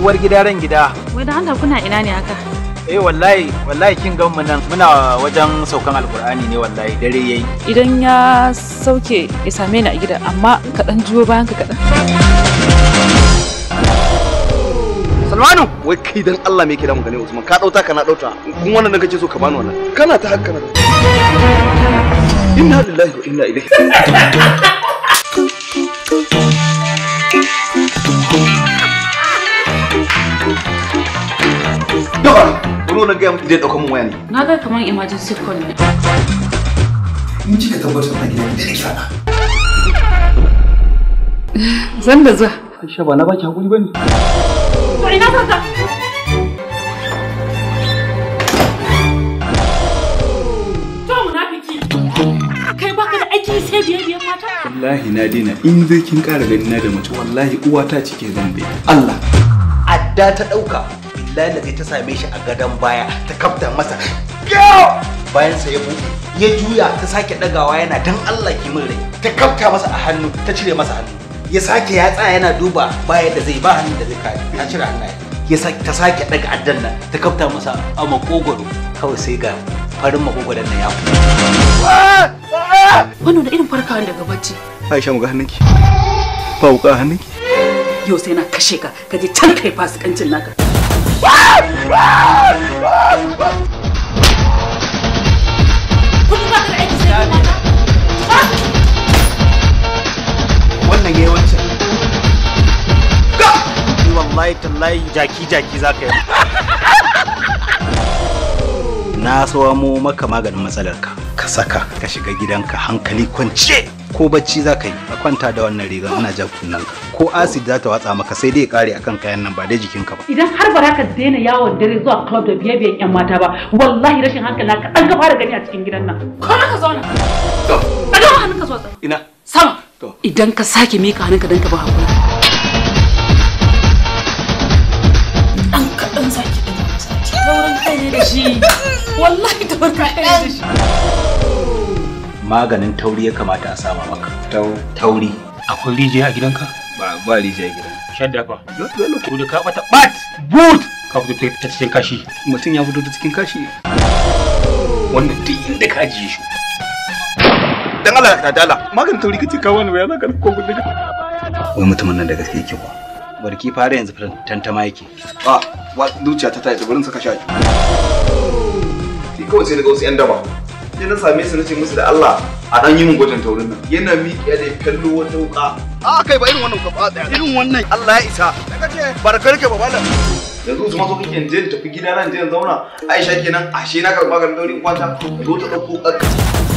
uwar gida ran gida wai da Allah kuna ina ne haka eh wallahi wallahi kin ga mu nan muna wajen saukan alkur'ani ne wallahi dare yayi idan ya sauke ya same ni a gida amma ka dan jiwo bayan ka kadan Salmanu wai kai dan Allah me yake da mu gane Usman ka dauta kana dauta kun wannan nan kace so ka bani wannan kana ta hakka inna lillahi wa inna ilaihi Yawa, bari na gaya miki zai ɗauka mun emergency call ne. da Zan da zuwa. Aisha ba na baki hakuri bane. To ina son To munafiki. Kai baka aiki sai biye biye mata wallahi na dina in zai kin ƙara gani na da mace wallahi uwa ta ke zambe Allah adda ta ɗauka billahi da ta same shi a gadon baya ta kafta masa bayan sa ya buɗe ya juya ta sake ɗagawa yana dan Allah ki min rai ta kafta masa a hannu ta cire masa hannu ya sake ya tsaya yana duba baya da zai ba hannun da zai kare ta cire hannaye ya ta sake ɗaga addan nan ta kafta masa a makogwaro kawai sai ga farin makogwaron nan ya fito ah! Ah! farka daga bacci Aisha mu ga hannunki ba wuka hannunki yau sai na kashe ka ka je can kai fasikancin naka wannan yayi wancan wallahi tallahi jaki jaki zaka yi na so mu maka maganin matsalarka saka ka shiga gidanka hankali kwance ko bacci za ka yi ka kwanta da wannan riga ana ja kunnan ko acid za ta watsa maka sai dai kare akan kayan nan ba dai jikinka ba idan har ba ka daina yawon dare zuwa club da biye biyan yan mata ba wallahi rashin hankali ka dan gaba da gani a cikin gidan nan ko ka zauna to daga hannunka zuwa ina sama to idan ka sake mika hannunka dan ka ba hakuri dan ka dan sake dan sake taurin kai ne da shi wallahi taurin kai ne da shi maganin tauri ya kamata a sama maka tauri akwai rijiya a gidanka ba ba rijiya a gidan shadda fa dole ko da ka bata bat boot ka fito ta cikin kashi mutum ya fito ta cikin kashi wannan duk inda ka ajiye shi dan Allah ka dala maganin tauri kace ka wani bayan ka ko gudu wai mutumin nan da gaske yake ko? barki fara yanzu tantama yake a ah, wa zuciya ta ta yi barin saka Ki kawai sai daga wasu 'yan dama. je na same su ce musu da Allah a dan yi mun gwajin taurin nan yana miƙiya da kallo wata wuka a kai ba irin wannan kafa daya irin wannan Allah ya isa daga ce barkar ke baba lan yanzu su maso kike je tafi gida nan je zauna Aisha kenan ashe na karba garin dauri kwanta zo ta dauko